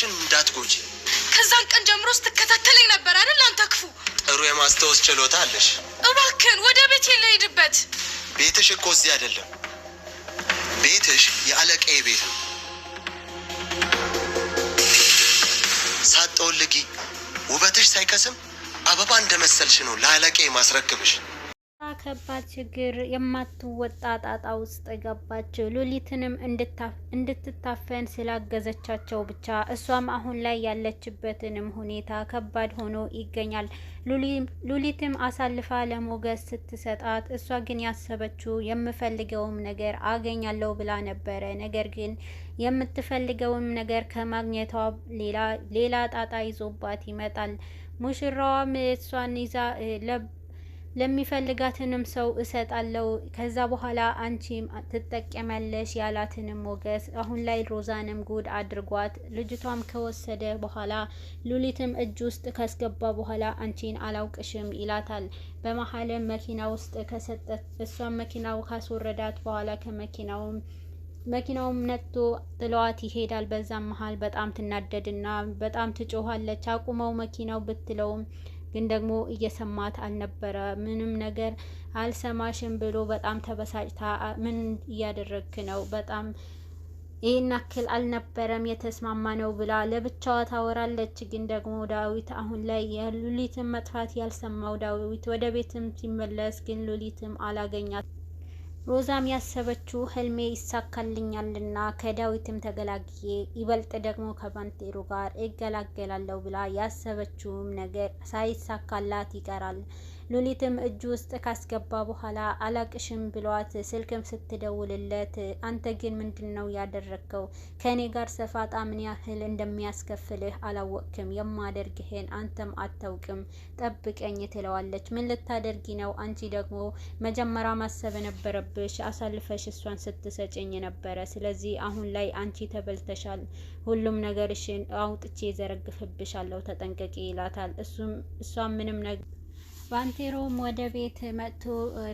ራስሽን እንዳትጎጂ። ከዛን ቀን ጀምሮ ስትከታተለኝ ነበር አይደል? አንተ ክፉ። ጥሩ የማስታወስ ችሎታ አለሽ። እባክህን ወደ ቤቴ ልሄድበት። ቤትሽ እኮ እዚህ አይደለም። ቤትሽ የአለቃዬ ቤት ነው። ሳጠወልጊ ውበትሽ ሳይከስም አበባ እንደመሰልሽ ነው ለአለቃዬ ማስረክብሽ። ከባድ ችግር የማትወጣ ጣጣ ውስጥ ገባች። ሉሊትንም እንድትታፈን ስላገዘቻቸው ብቻ እሷም አሁን ላይ ያለችበትንም ሁኔታ ከባድ ሆኖ ይገኛል። ሉሊትም አሳልፋ ለሞገስ ስትሰጣት፣ እሷ ግን ያሰበችው የምፈልገውም ነገር አገኛለሁ ብላ ነበረ። ነገር ግን የምትፈልገውም ነገር ከማግኘቷ ሌላ ሌላ ጣጣ ይዞባት ይመጣል። ሙሽራዋም እሷን ይዛ ለሚፈልጋትንም ሰው አለው ከዛ በኋላ አንቺም ትጠቀመለሽ ያላትንም ሞገስ አሁን ላይ ሮዛንም ጉድ አድርጓት፣ ልጅቷም ከወሰደ በኋላ ሉሊትም እጅ ውስጥ ካስገባ በኋላ አንቺን አላውቅሽም ይላታል። በመሀልም መኪና ውስጥ ከሰጠት እሷም መኪናው ካስወረዳት በኋላ ከመኪናውም መኪናውም ነጥቶ ጥለዋት ይሄዳል። በዛም መሀል በጣም ትናደድና በጣም ትጮኋለች። አቁመው መኪናው ብትለውም ግን ደግሞ እየሰማት አልነበረ። ምንም ነገር አልሰማሽም ብሎ በጣም ተበሳጭታ ምን እያደረግክ ነው? በጣም ይህን ያክል አልነበረም የተስማማ ነው ብላ ለብቻዋ ታወራለች። ግን ደግሞ ዳዊት አሁን ላይ የሉሊትን መጥፋት ያልሰማው ዳዊት ወደ ቤትም ሲመለስ ግን ሉሊትም አላገኛት ሮዛም ያሰበችው ህልሜ ይሳካልኛልና ከዳዊትም ተገላግዬ ይበልጥ ደግሞ ከባንቴሮ ጋር እገላገላለሁ ብላ ያሰበችውም ነገር ሳይሳካላት ይቀራል። ሉሊትም እጅ ውስጥ ካስገባ በኋላ አላቅሽም ብሏት ስልክም ስትደውልለት አንተ ግን ምንድን ነው ያደረግከው? ከእኔ ጋር ሰፋጣ ምን ያህል እንደሚያስከፍልህ አላወቅክም። የማደርግህን አንተም አታውቅም። ጠብቀኝ ትለዋለች። ምን ልታደርጊ ነው? አንቺ ደግሞ መጀመሪያ ማሰብ የነበረብሽ አሳልፈሽ እሷን ስትሰጭኝ ነበረ። ስለዚህ አሁን ላይ አንቺ ተበልተሻል። ሁሉም ነገርሽን አውጥቼ ዘረግፍብሻለሁ። ተጠንቀቂ ይላታል። እሷ ምንም ነገር ባንቴሮም ወደ ቤት መጥቶ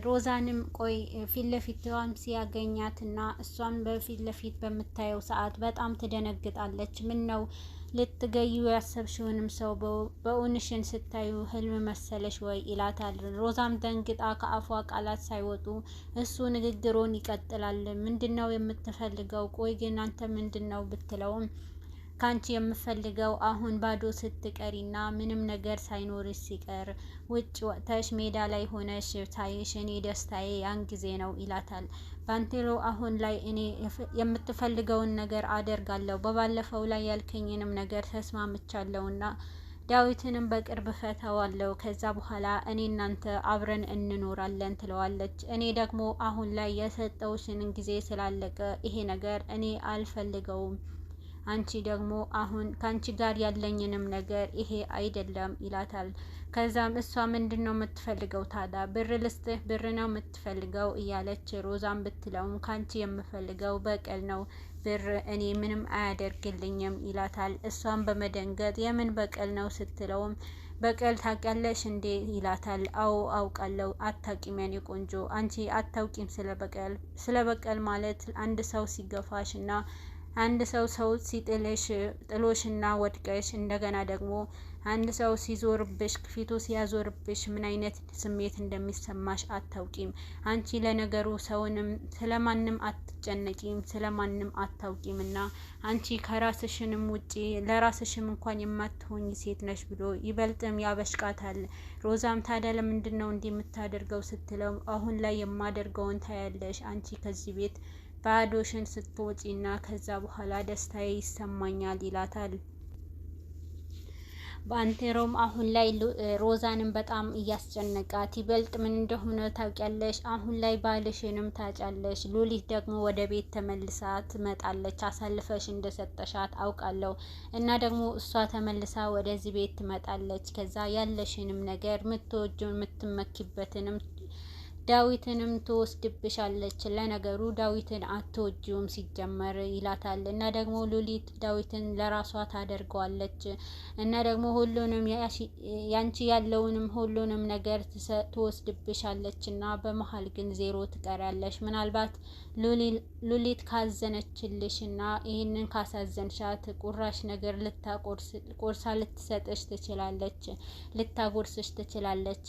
ሮዛንም ቆይ ፊት ለፊትዋም ሲያገኛት እና እሷም በፊት ለፊት በምታየው ሰዓት በጣም ትደነግጣለች። ምን ነው ልትገዩ ያሰብሽውንም ሰው በእውንሽን ስታዩ ህልም መሰለሽ ወይ ይላታል። ሮዛም ደንግጣ ከአፏ ቃላት ሳይወጡ እሱ ንግግሩን ይቀጥላል። ምንድን ነው የምትፈልገው? ቆይ ግን አንተ ምንድን ነው ብትለውም ካንቺ የምፈልገው አሁን ባዶ ስትቀሪና ምንም ነገር ሳይኖርሽ ሲቀር ውጭ ወጥተሽ ሜዳ ላይ ሆነሽ ታይሽ እኔ ደስታዬ ያን ጊዜ ነው ይላታል። ባንቴሎ አሁን ላይ እኔ የምትፈልገውን ነገር አደርጋለሁ፣ በባለፈው ላይ ያልከኝንም ነገር ተስማምቻለሁና ዳዊትንም በቅርብ ፈተዋለሁ። ከዛ በኋላ እኔ እናንተ አብረን እንኖራለን ትለዋለች። እኔ ደግሞ አሁን ላይ የሰጠውሽን ጊዜ ስላለቀ ይሄ ነገር እኔ አልፈልገውም አንቺ ደግሞ አሁን ከአንቺ ጋር ያለኝንም ነገር ይሄ አይደለም ይላታል። ከዛም እሷ ምንድን ነው የምትፈልገው ታዲያ ብር ልስጥህ ብር ነው የምትፈልገው እያለች ሮዛን ብትለውም ከአንቺ የምፈልገው በቀል ነው ብር እኔ ምንም አያደርግልኝም ይላታል። እሷን በመደንገጥ የምን በቀል ነው ስትለውም በቀል ታውቂያለሽ እንዴ ይላታል። አዎ አውቃለሁ። አታውቂም የኔ ቆንጆ አንቺ አታውቂም ስለ በቀል። ስለ በቀል ማለት አንድ ሰው ሲገፋሽ እና አንድ ሰው ሰው ሲጥልሽ ጥሎሽና ወድቀሽ እንደገና ደግሞ አንድ ሰው ሲዞርብሽ ፊቱ ሲያዞርብሽ ምን አይነት ስሜት እንደሚሰማሽ አታውቂም። አንቺ ለነገሩ ሰውንም ስለማንም አትጨነቂም፣ ስለማንም አታውቂም እና አንቺ ከራስሽንም ውጪ ለራስሽም እንኳን የማትሆኝ ሴት ነሽ ብሎ ይበልጥም ያበሽቃታል። ሮዛም ታዲያ ለምንድን ነው እንዲህ የምታደርገው ስትለው አሁን ላይ የማደርገውን ታያለሽ አንቺ ከዚህ ቤት ባዶሽን ስትወጪና ከዛ በኋላ ደስታዬ ይሰማኛል ይላታል። ባንቴሮም አሁን ላይ ሮዛንም በጣም እያስጨነቃት ይበልጥ ምን እንደሆነ ታውቂያለሽ። አሁን ላይ ባልሽንም ታጫለሽ። ሉሊት ደግሞ ወደ ቤት ተመልሳ ትመጣለች። አሳልፈሽ እንደሰጠሻት አውቃለሁ እና ደግሞ እሷ ተመልሳ ወደዚህ ቤት ትመጣለች። ከዛ ያለሽንም ነገር ምትወጂውን የምትመኪበትንም ዳዊትንም ትወስድብሻለች። ለነገሩ ዳዊትን አትወጂውም ሲጀመር ይላታል። እና ደግሞ ሉሊት ዳዊትን ለራሷ ታደርገዋለች። እና ደግሞ ሁሉንም ያንቺ ያለውንም ሁሉንም ነገር ትወስድብሻለች እና በመሀል ግን ዜሮ ትቀሪያለሽ። ምናልባት ሉሊት ካዘነችልሽ እና ይህንን ካሳዘንሻት ቁራሽ ነገር ቆርሳ ልትሰጥሽ ትችላለች፣ ልታጎርስሽ ትችላለች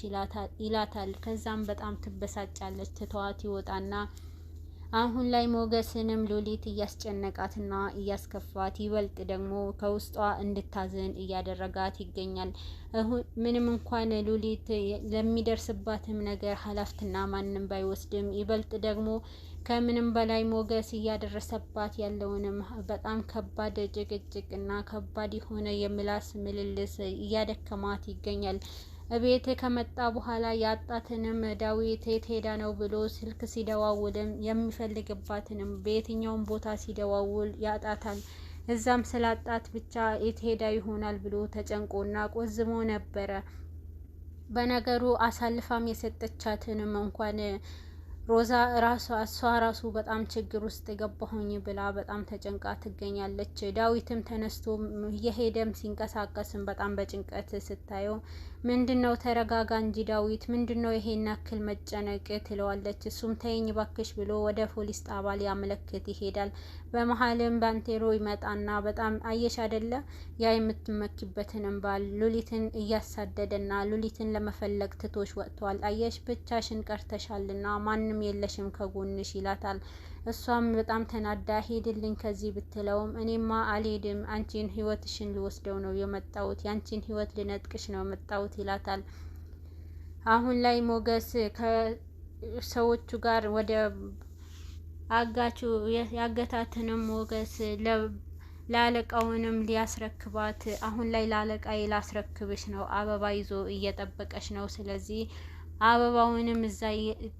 ይላታል። ከዛም በጣም ትበ ትበሳጫለች። ትተዋት ይወጣና አሁን ላይ ሞገስንም ሉሊት እያስጨነቃትና እያስከፋት ይበልጥ ደግሞ ከውስጧ እንድታዝን እያደረጋት ይገኛል። ምንም እንኳን ሉሊት ለሚደርስባትም ነገር ኃላፊነትና ማንም ባይወስድም ይበልጥ ደግሞ ከምንም በላይ ሞገስ እያደረሰባት ያለውንም በጣም ከባድ ጭቅጭቅና ከባድ የሆነ የምላስ ምልልስ እያደከማት ይገኛል። እቤት ከመጣ በኋላ ያጣትንም ዳዊት የት ሄዳ ነው ብሎ ስልክ ሲደዋውልም የሚፈልግባትንም በየትኛውም ቦታ ሲደዋውል ያጣታል። እዛም ስላጣት ብቻ የት ሄዳ ይሆናል ብሎ ተጨንቆና ቆዝሞ ነበረ። በነገሩ አሳልፋም የሰጠቻትንም እንኳን ሮዛ እሷ ራሱ በጣም ችግር ውስጥ የገባሁኝ ብላ በጣም ተጨንቃ ትገኛለች። ዳዊትም ተነስቶ የሄደም ሲንቀሳቀስም በጣም በጭንቀት ስታየው ምንድን ነው ተረጋጋ እንጂ ዳዊት፣ ምንድን ነው ይሄን ያክል መጨነቅ ትለዋለች። እሱም ተይኝ ባክሽ ብሎ ወደ ፖሊስ ጣቢያ ሊያመለክት ይሄዳል። በመሀልም ባንቴሮ ይመጣና በጣም አየሽ አደለ ያ የምትመኪበትን እምባል ሉሊትን እያሳደደና ሉሊትን ለመፈለግ ትቶሽ ወጥቷል። አየሽ ብቻሽን ቀርተሻልና ማንም የለሽም ከጎንሽ ይላታል። እሷም በጣም ተናዳ ሄድልኝ ከዚህ ብትለውም እኔማ አልሄድም፣ አንቺን ህይወትሽን ልወስደው ነው የመጣሁት፣ ያንቺን ህይወት ልነጥቅሽ ነው የመጣሁት ይላታል። አሁን ላይ ሞገስ ከሰዎቹ ጋር ወደ አጋቹ ያገታትንም ሞገስ ላለቃውንም ሊያስረክባት አሁን ላይ ላለቃዬ ላስረክብሽ ነው፣ አበባ ይዞ እየጠበቀች ነው። ስለዚህ አበባውንም እዛ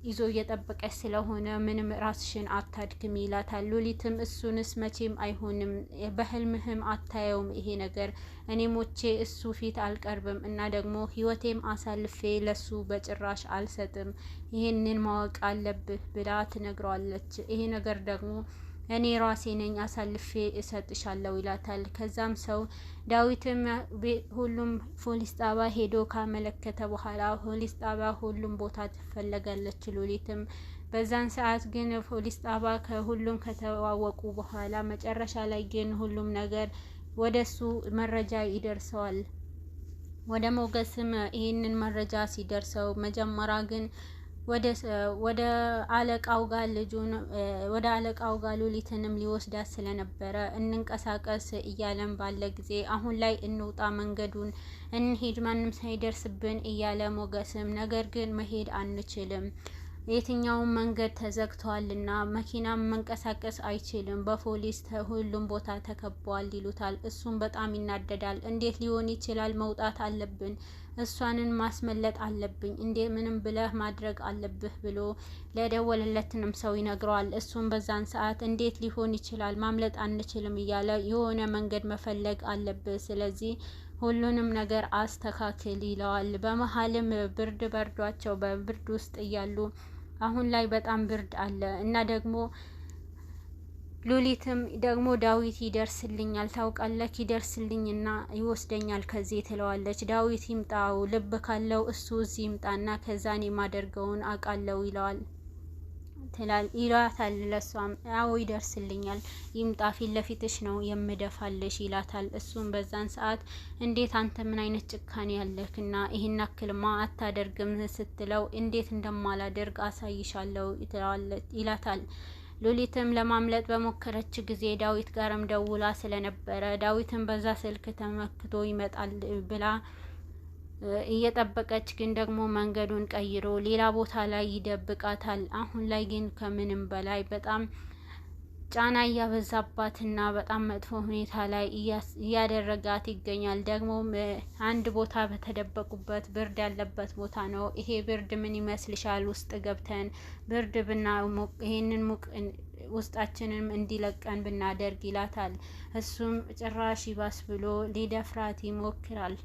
ይዞ እየጠበቀች ስለሆነ ምንም ራስሽን አታድክም ይላታል። ሉሊትም እሱንስ መቼም አይሆንም፣ በህልምህም አታየውም ይሄ ነገር እኔ ሞቼ እሱ ፊት አልቀርብም እና ደግሞ ህይወቴም አሳልፌ ለሱ በጭራሽ አልሰጥም፣ ይሄንን ማወቅ አለብህ ብላ ትነግረዋለች። ይሄ ነገር ደግሞ እኔ ራሴ ነኝ አሳልፌ እሰጥሻለሁ ይላታል። ከዛም ሰው ዳዊትም ሁሉም ፖሊስ ጣቢያ ሄዶ ካመለከተ በኋላ ፖሊስ ጣቢያ ሁሉም ቦታ ትፈለጋለች ሉሊትም። በዛን ሰዓት ግን ፖሊስ ጣቢያ ከሁሉም ከተዋወቁ በኋላ መጨረሻ ላይ ግን ሁሉም ነገር ወደ ወደሱ መረጃ ይደርሰዋል። ወደ ሞገስም ይህንን መረጃ ሲደርሰው መጀመሪያ ግን ወደ አለቃው ጋር ልጁን ወደ አለቃው ጋር ሉሊትንም ሊወስዳት ስለነበረ እንንቀሳቀስ እያለን ባለ ጊዜ አሁን ላይ እንውጣ፣ መንገዱን እንሄድ፣ ማንም ሳይደርስብን እያለ ሞገስም፣ ነገር ግን መሄድ አንችልም፣ የትኛውን መንገድ ተዘግቷልና መኪናም መንቀሳቀስ አይችልም፣ በፖሊስ ሁሉም ቦታ ተከቧል ይሉታል። እሱም በጣም ይናደዳል። እንዴት ሊሆን ይችላል? መውጣት አለብን እሷንን ማስመለጥ አለብኝ እንዴ ምንም ብለህ ማድረግ አለብህ ብሎ ለደወለለትንም ሰው ይነግረዋል። እሱም በዛን ሰዓት እንዴት ሊሆን ይችላል ማምለጥ አንችልም እያለ የሆነ መንገድ መፈለግ አለብህ፣ ስለዚህ ሁሉንም ነገር አስተካክል ይለዋል። በመሀልም ብርድ በርዷቸው በብርድ ውስጥ እያሉ አሁን ላይ በጣም ብርድ አለ እና ደግሞ ሉሊትም ደግሞ ዳዊት ይደርስልኛል ታውቃለህ፣ ይደርስልኝና ይወስደኛል ከዚህ ትለዋለች። ዳዊት ይምጣው ልብ ካለው እሱ እዚህ ይምጣና ከዛን የማደርገውን አውቃለው ይለዋል ትላል ይላታል። ለሷም አዎ ይደርስልኛል፣ ይምጣ፣ ፊት ለፊትሽ ነው የምደፋልሽ ይላታል። እሱም በዛን ሰዓት እንዴት አንተ ምን አይነት ጭካኔ ያለክና ይህን አክልማ አታደርግም ስትለው እንዴት እንደማላደርግ አሳይሻለሁ ይላታል። ሉሊትም ለማምለጥ በሞከረች ጊዜ ዳዊት ጋርም ደውላ ስለነበረ ዳዊትም በዛ ስልክ ተመክቶ ይመጣል ብላ እየጠበቀች ግን ደግሞ መንገዱን ቀይሮ ሌላ ቦታ ላይ ይደብቃታል። አሁን ላይ ግን ከምንም በላይ በጣም ጫና እያበዛባትና በጣም መጥፎ ሁኔታ ላይ እያደረጋት ይገኛል። ደግሞ አንድ ቦታ በተደበቁበት ብርድ ያለበት ቦታ ነው። ይሄ ብርድ ምን ይመስልሻል? ውስጥ ገብተን ብርድ ብና ይሄንን ሙቅ ውስጣችንም እንዲለቀን ብናደርግ ይላታል። እሱም ጭራሽ ይባስ ብሎ ሊደፍራት ይሞክራል።